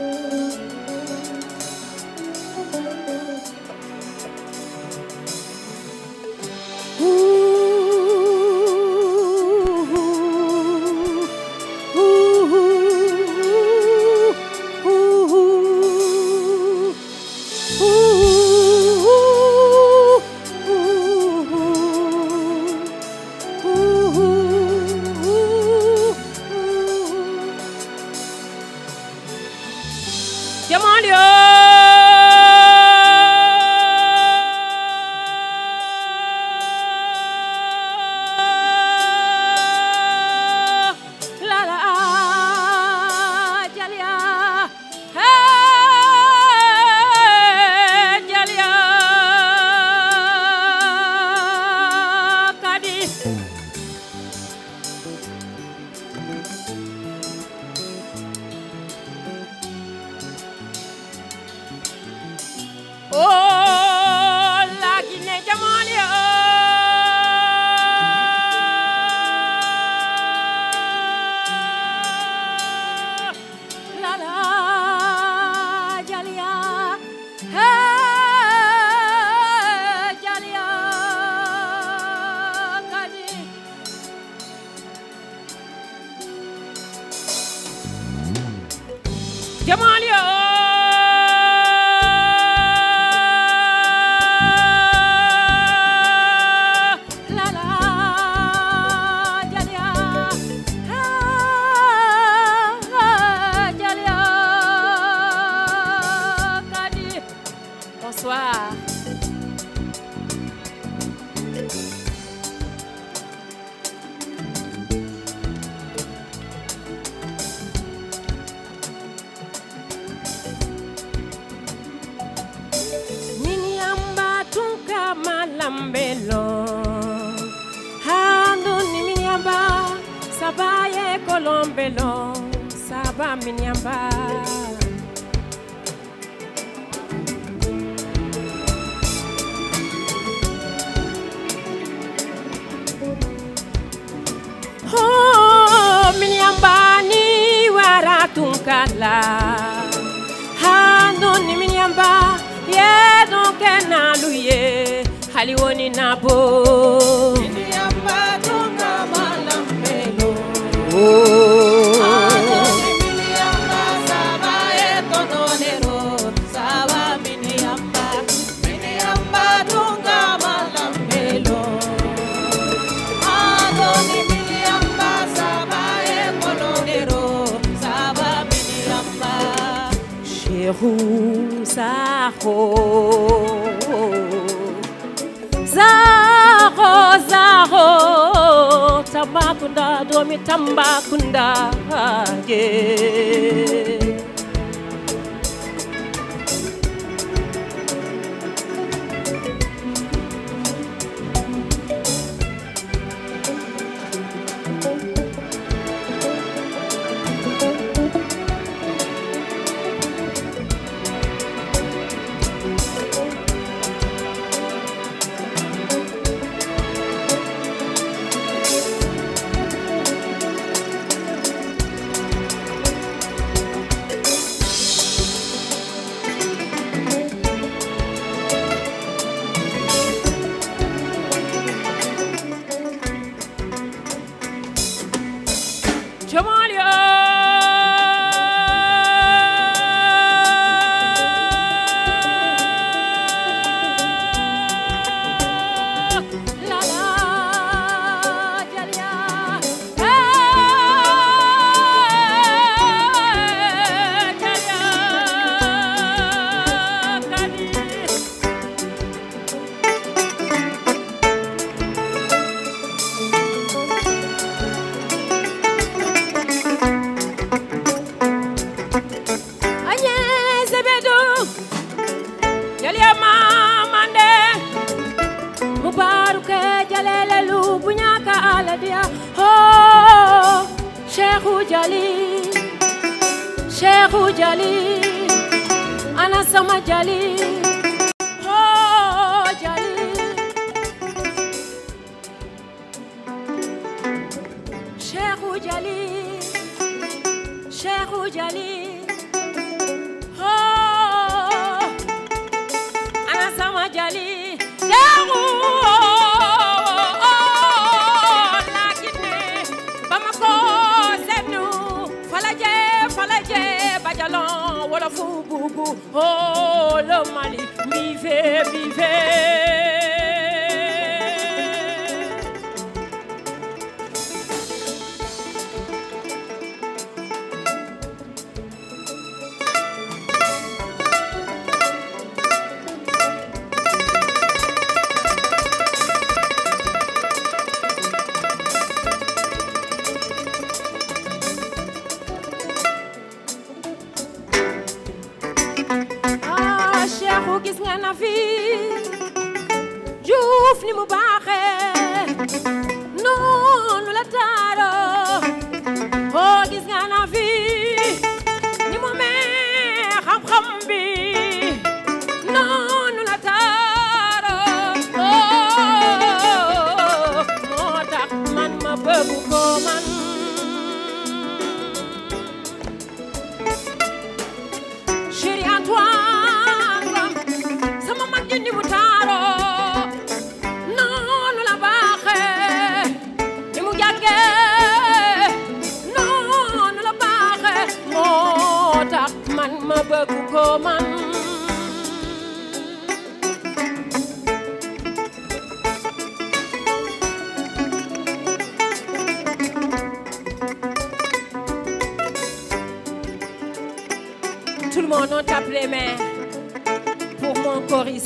Música zaho zaho Tambacounda doomi Tambacounda ye Tout le monde, on tape les mains pour mon chorus.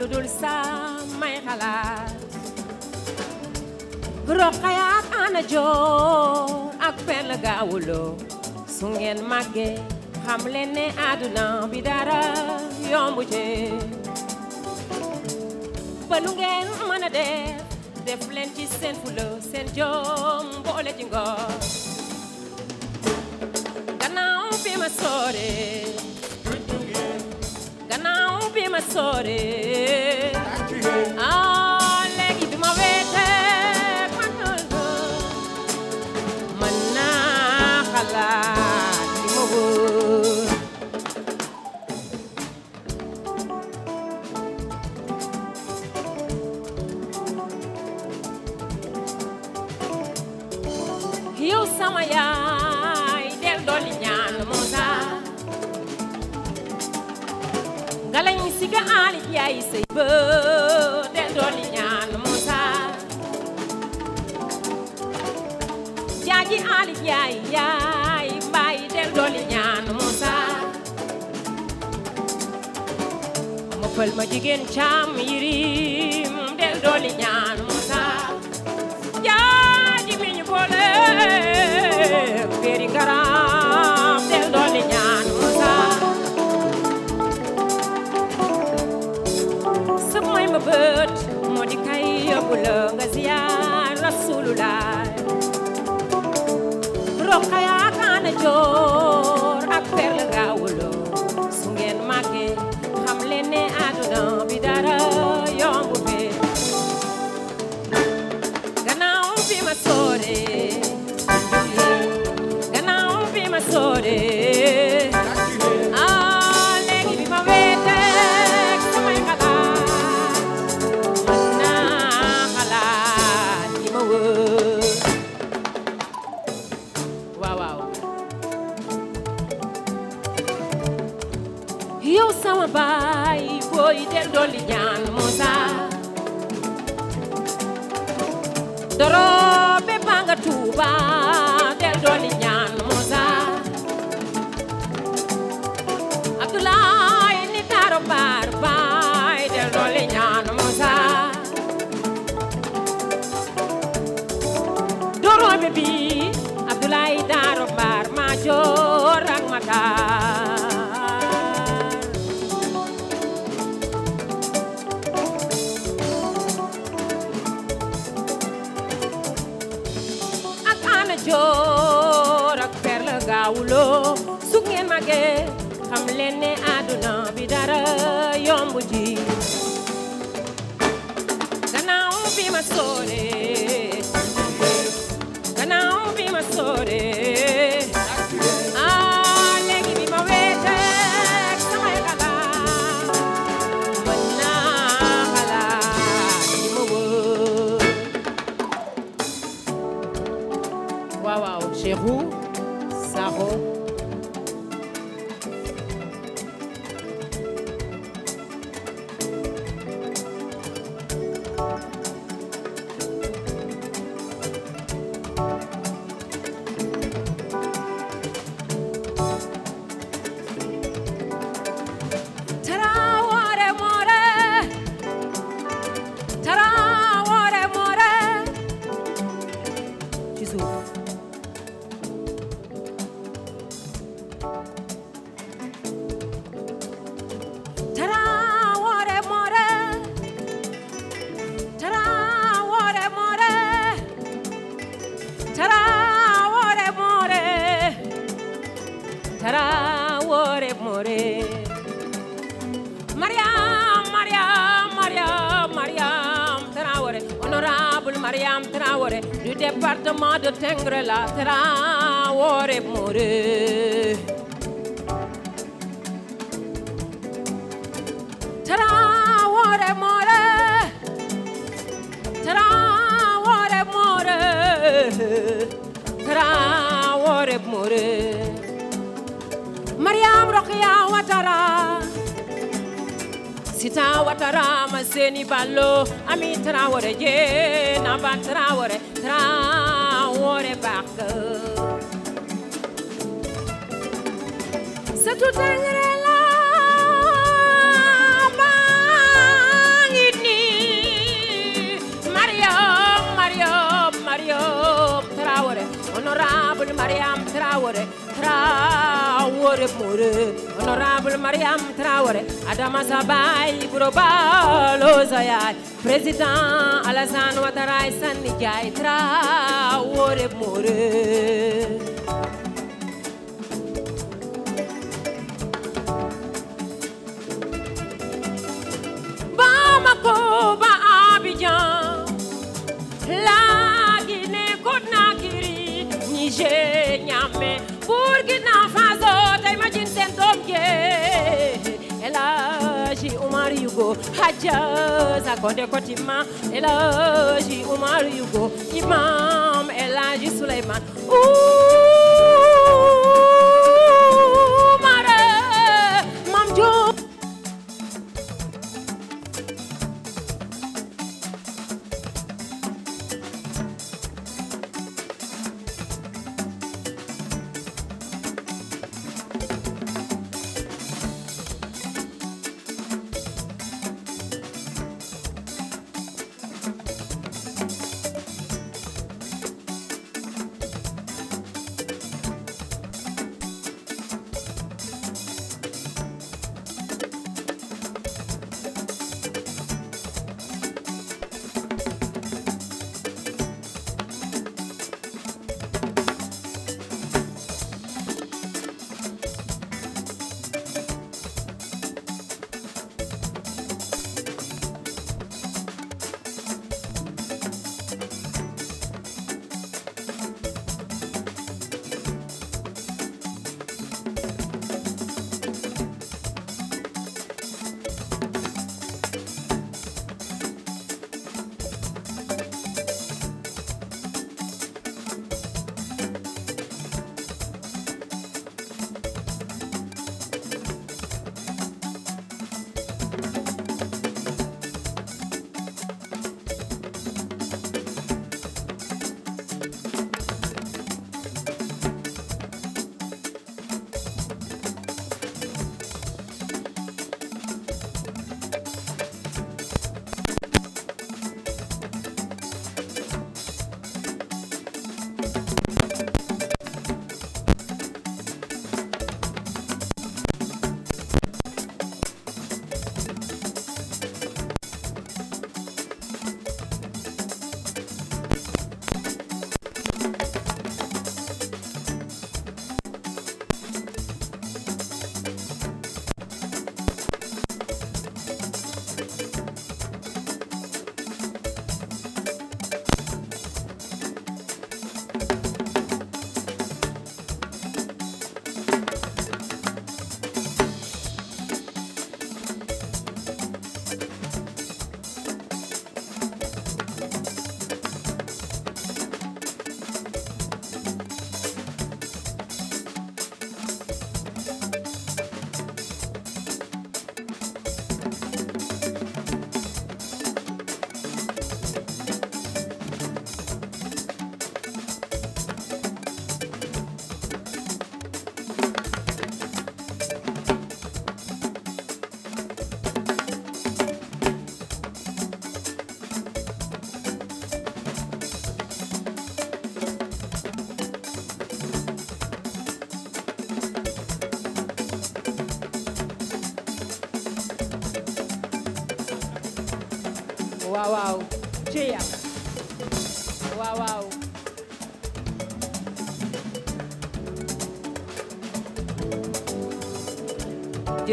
lu dul samay ya xalaat roqaya ak ana jo ak pell gaawuloo su sungen màggee xam leen ne àdduna bi dara yombu ci ba lu ngeen mën a def def leen ci sore. ci ngor ma Can I be my sorry? siga alif yaay sey ba del dolli ñaan Musa jaaji alif yaay ma jigéen caam yirim del dolli 역하야 corazones. ore more Tara ore more Tara ore more Tara ore more Mariam Rokia Watara Sita Watara Maseni Balo Ami Tara ore je Naban Tara ore Tara parcours. C'est tout un Mariam Traore, Honorable Mariam Traore, Traore. Honorable Mure, Honorable Mariam Traore, Adama Sabay, President Alassane Ouattara Sani Jai Traore Mure. Bamako ba Abidjan, la guinee Niger. Ela ji umari yugo hajjaz akonde kotima ji umari yugo imam elaji suleiman Ooh.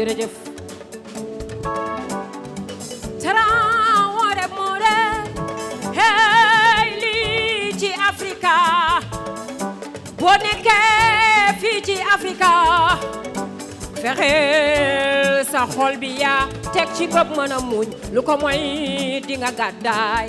jërëjëf Traoré hey lii ci Afrika boo nekkee ci Afrika fexeel sa xol bi yaa teg ci bopp mën a muñ lu ko mooy di gàddaay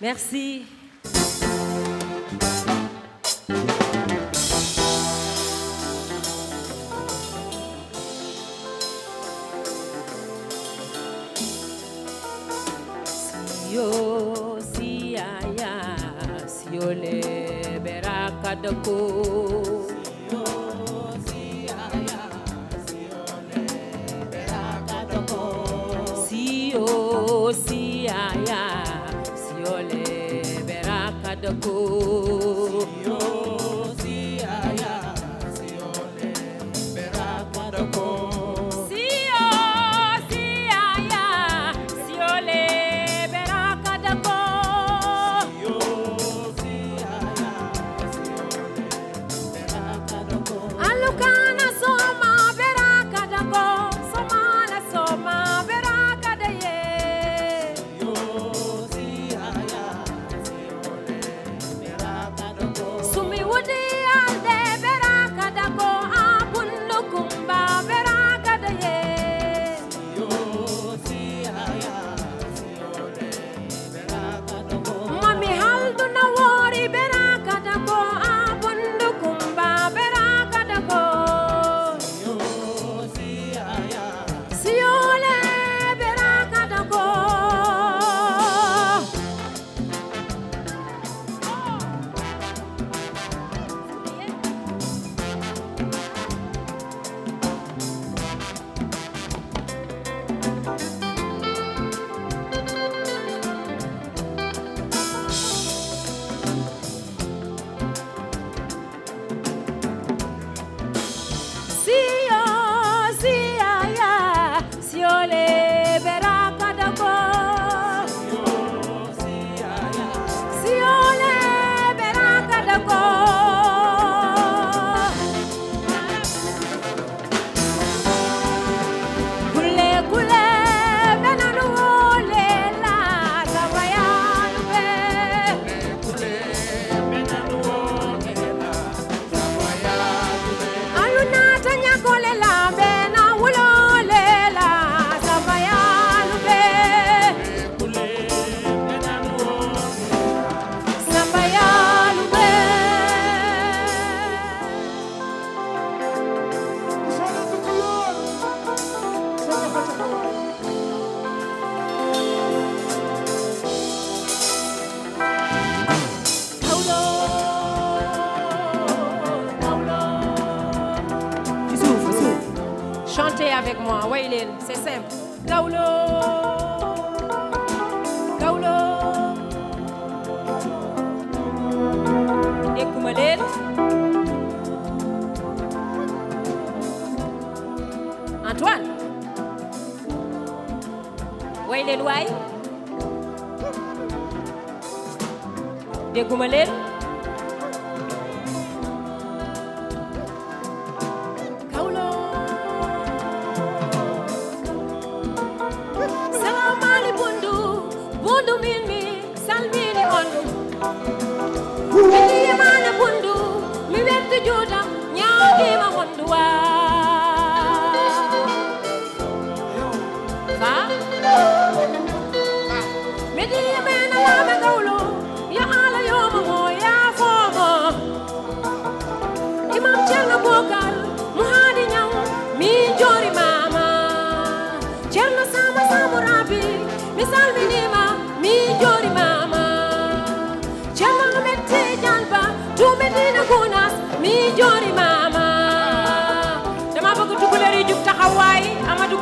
Merci. adako. Si o si aya si ole berakadako.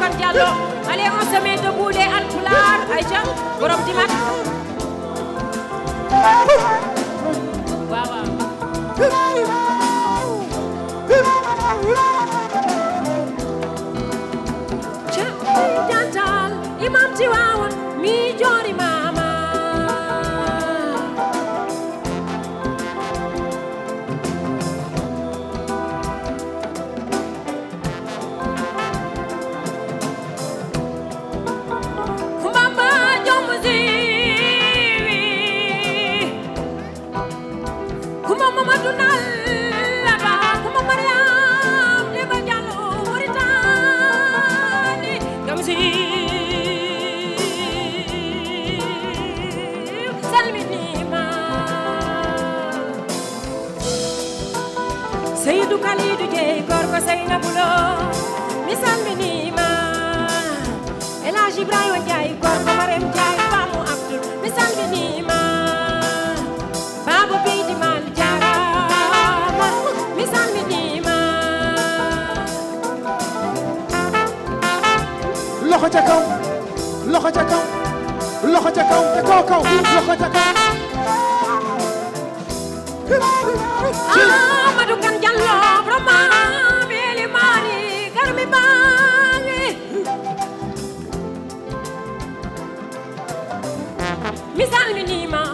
Boubacar Diallo allez on se met debout les Halpulaar Aïcha borom di mat waaw waaw ca jantal imam ci waawoon mi joon ca kaw loxo ca kaw loxo ca kaw te kaw kaw loxo ca kaw ah, Amadou Kane Diallo vraiment beli mari garmi bangi misal mi nima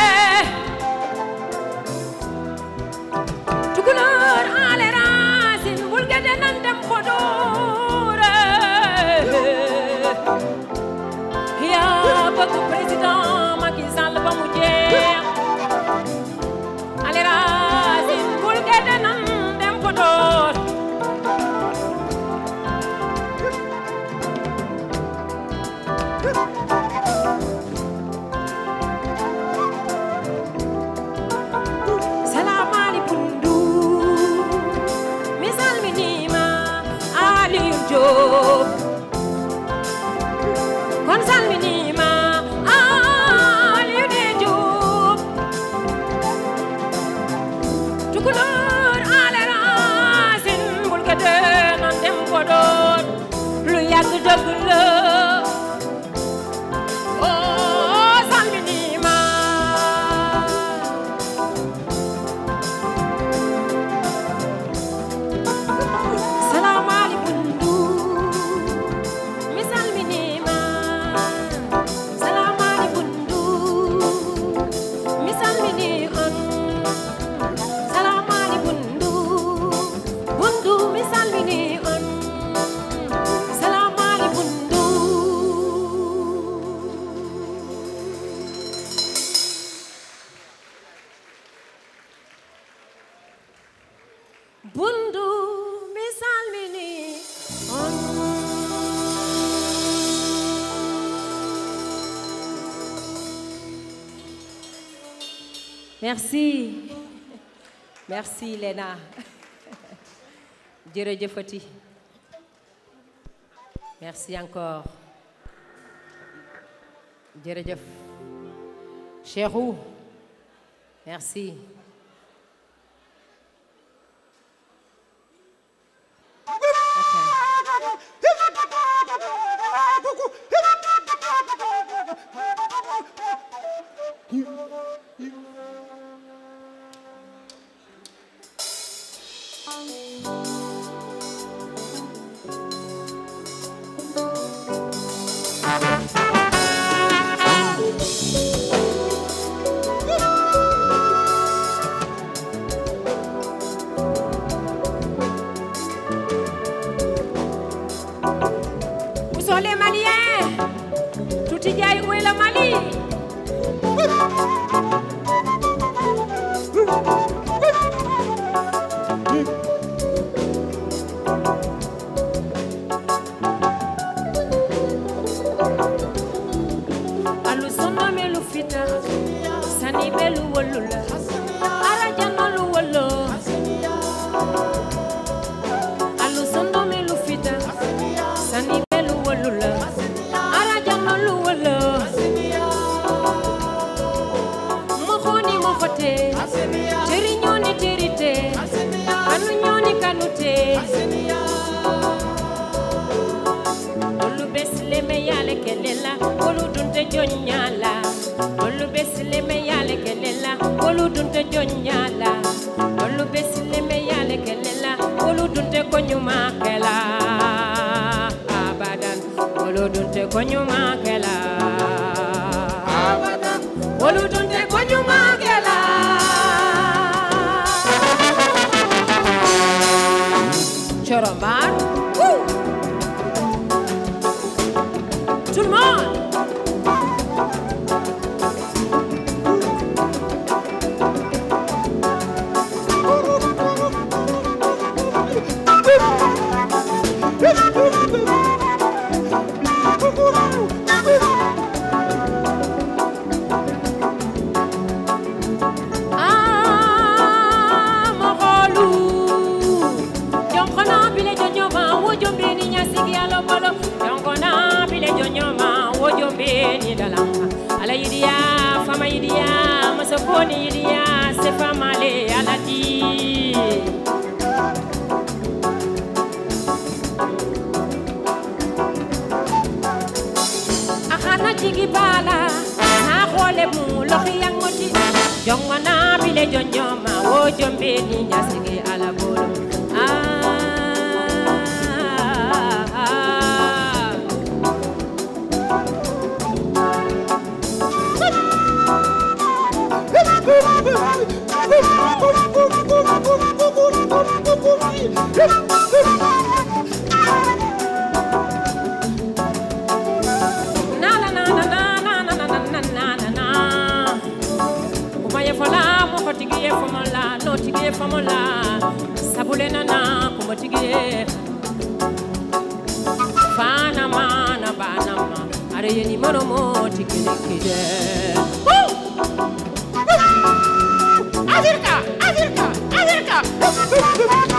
Merci. Merci, Léna. Foti. Merci encore. Djeredjef. Chérou. Merci. Música oludunte konyuma kela abada oludunte konyuma kela chorombar Fana mana banama, are you any monomotic in the ¡Acerca! ¡Acerca! ¡Acerca!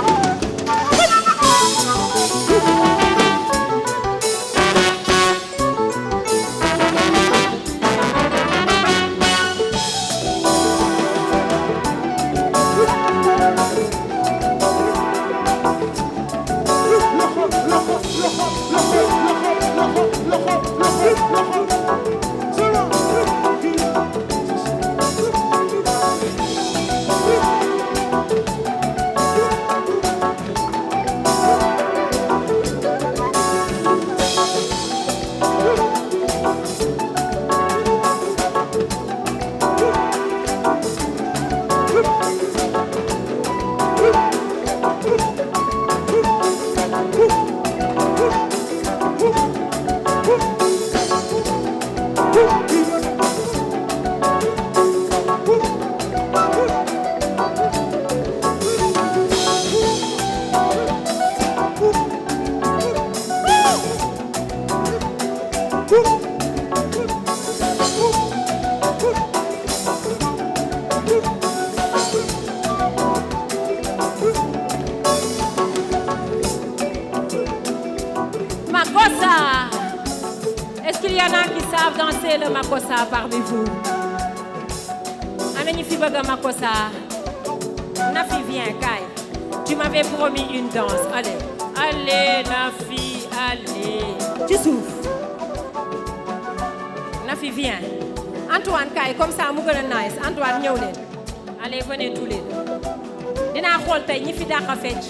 allez venez tous les deux dinaa xool tey ñi fi dàq a fecc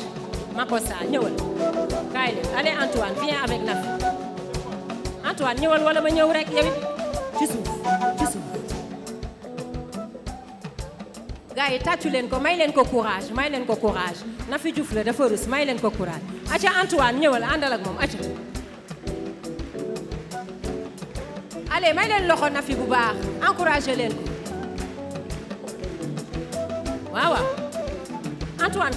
Makossa ñëwal kaay leen allez Antoine viens avec la fille. Antoine ñëwal wala ma ñëw rek yow it ci suuf ci suuf gars yi tàccu leen ko may leen ko courage may leen ko courage Nafi Diouf la dafa rus may leen ko courage aca Antoine ñëwal àndal ak moom aca allez may leen loxo Nafi bu baax Encouragez leen ko waaw Antoine on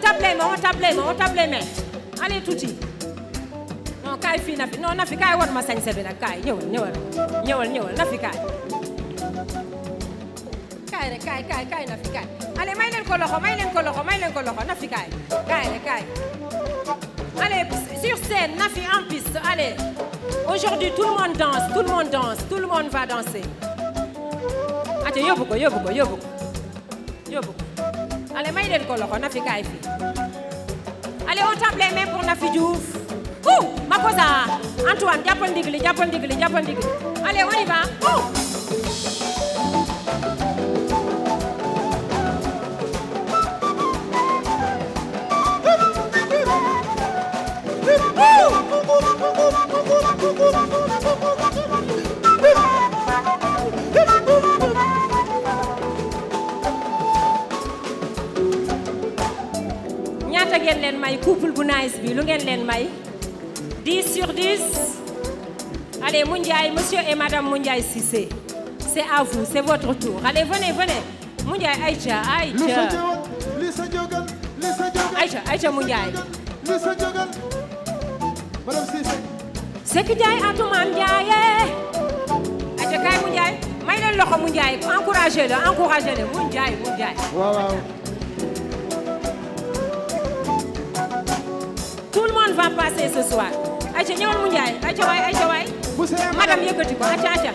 tape on on allez touti. non non ma allez allez sur scène en piste allez aujourd'hui tout le monde danse tout le monde danse tout le monde va danser acca yóbbu ko yóbbu ko yóbbu ko Ale, ko allez may leen ko loxo on Makosa Antoine jàppal ndigli jàppal ndigli jàppal ndigli allez on y va Woo! leen may couple bu nice bi lu ngeen leen may 10 sur 10 allez Moundiaye monsieur et madame Moundiaye Cissé c'est à vous c'est votre tour allez venez venez Moundiaye Aïcha Aïcha Lissa Diogan Lissa Diogan Aïcha Aïcha Moundiaye Lissa Diogan madame Cissé Sékou Ndiaye Atou Mame Ndiaye Aïcha kaay Moundiaye may leen loxo Moundiaye encouragez-le encouragez-le Moundiaye Moundiaye waaw waaw va passer ce soir. n'y a pas de ayca waay ayca waay. madame yëkkati ko ayca ayca.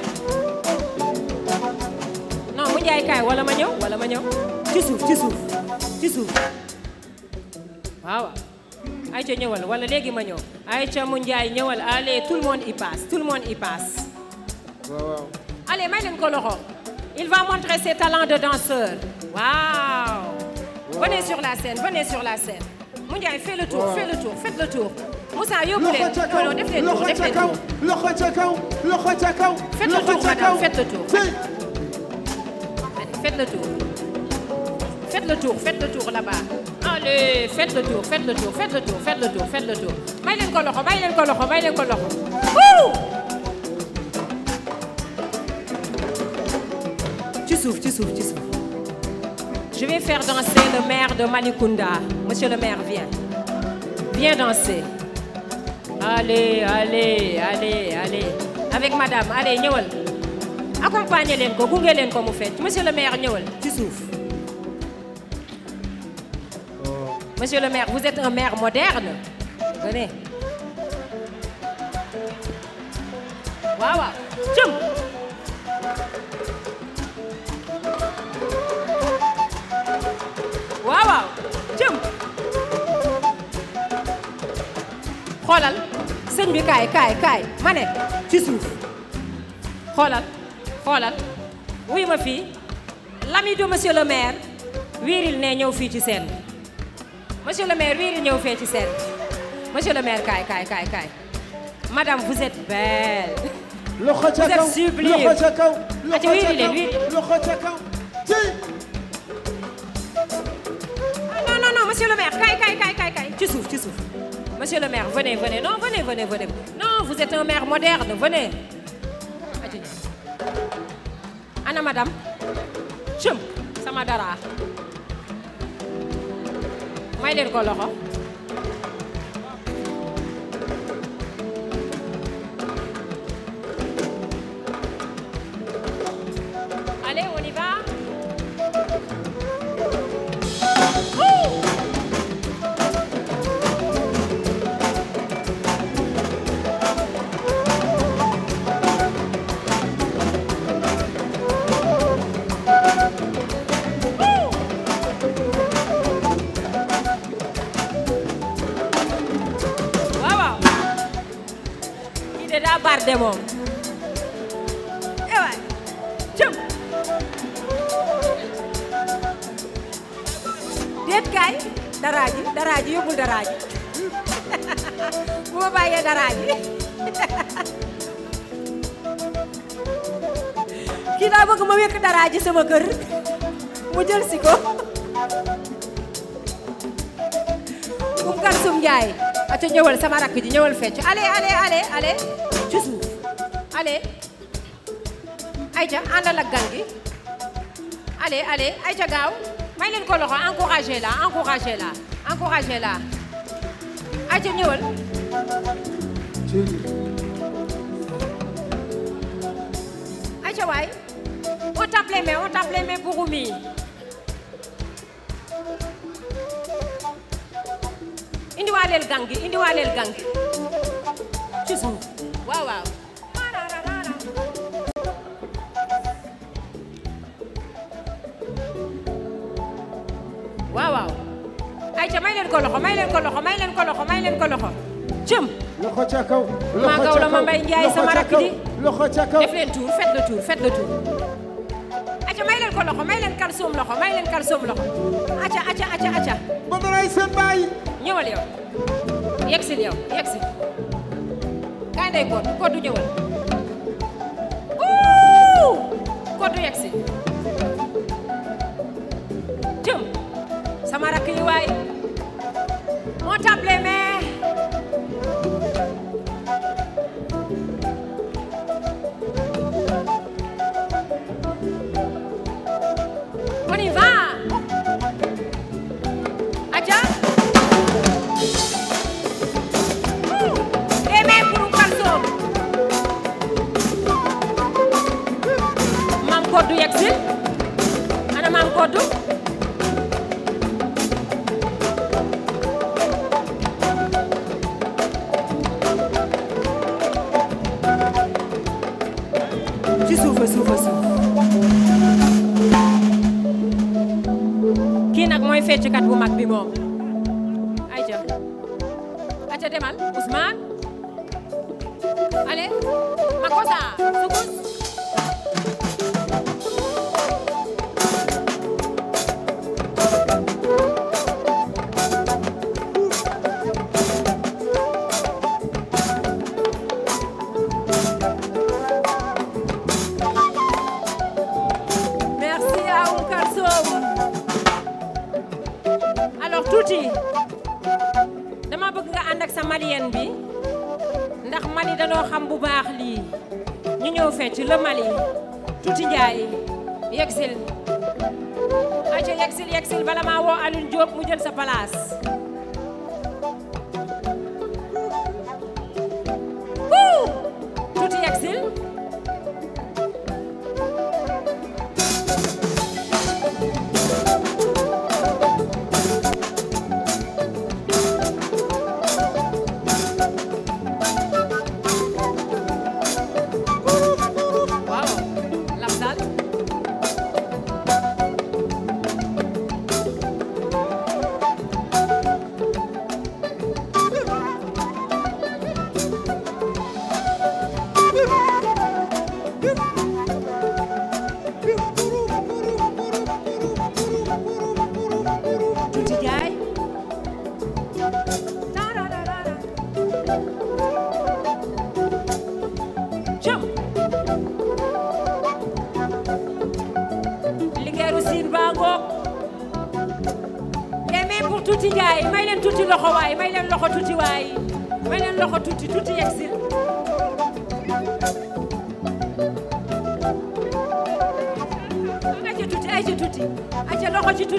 non mu Ndiaye kaay wala ma ñëw wala ma ñëw ci suuf ci suuf ci suuf waaw. ayca ñëwal wala légui ma ñëw ayca mu Ndiaye ñëwal allez tout le monde y passe tout le monde y passe. waaw allez may leen il va montrer ses talents de danseur. waaw. venez sur la scène venez sur la scène. Faites le tour fais le tour faites le tour. Moussa yóbbu leen le non le tour tour faites le tour madame faites le tour. faites le tour faites le tour faites le tour là-bas allez faites le tour faites le tour faites le tour faites le tour faites le tour may le ko loxo le leen ko loxo may ko loxo je vais faire danser le maire de Malikunda. Monsieur le maire, viens. Viens danser. Allez, allez, allez, allez. Avec madame, allez, Nyol, Accompagnez les vous les comme monsieur le maire Nyol, tu souffres. Monsieur le maire, vous êtes un maire moderne. Venez. Waouh, tchoum! xoolal sëñ bi kay, kay, kay. ma ne ci suuf Oui, ma fille. l'ami de monsieur le maire viril ne ñëw fii ci monsieur le maire viril ñëw fee ci seen monsieur le maire kay, kay, kay, kay. madame vous êtes belle. loxo ca kaw vous êtes sublime loxo ca kaw. Ah, loxo ca ah, non non non monsieur le maire kay, kay, kay, kay, ci suuf ci suuf. Monsieur le maire, venez, venez. Non, venez, venez, venez. Non, vous êtes un maire moderne, venez. Anna madame. chum, sama dara. de moom ewaay jëm déet kaay daraaji daraaji yóbbul daraaji bu ma bàyyee daraaji kii daa bëgg ma wékk daraaji sama kër mu jël si kar sum njaay aco ñëwal sama rakk ji ñëwal fecc allez allez allez ayca àndal ak gan gi allez allez ayca gaaw may leen ko loxo encouragé la encouragé la encouragé la ayca ñëwal ayca waay on tape les mains on tape les mains pour Oumy indiwaaleel gang gi indiwaaleel gang gi ci suuf waaw waaw ca may leen ko loxo may ko loxo may ko loxo may ko loxo jëm. loxo ca kaw loxo ca kaw maa la ma mbay Ndiaye sama rakk ji loxo ca kaw def leen tour faites le tour faites le tour. aca may ko loxo may leen loxo may leen kalsoom ba mu rey seen baay. ñëwal yow yegsil yow yegsil kaay ndey Codou Codou ñëwal. Codou yegsil jëm sama rakk yi waay. mooy fecckat bu mag bi Aïe, Aïe, aca mal. Ousmane allez Makossa sukus malienne bi ndax Mali danoo xam bu baax lii ñu ñëw fecc le Mali tuuti Ndiaye yegsil aco yegsil yegsil bala maa woo Alioune Diop mu jël sa place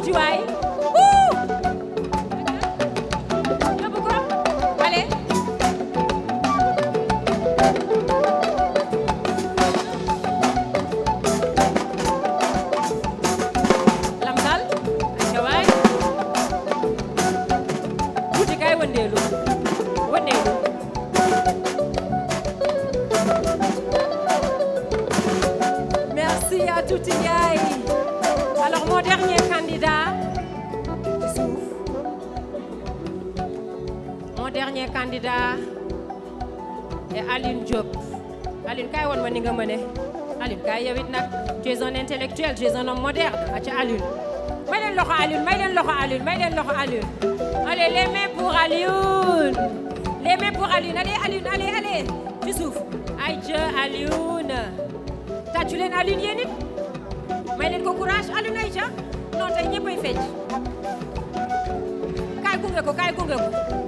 do I? Alioune gars yow tu es un intellectuel tu es un homme moderne aca Alioune may leen loxo Alioune may leen loxo Alioune may leen loxo Alioune allez les mains pour Alioune les mains pour Alioune allez Alioune allez allez Tu souffres. ay jë t'as tàccu leen Alioune yéen it may ko courage Alioune ay non t'as ñëppay fecc kaay gunge ko kaay gunge ko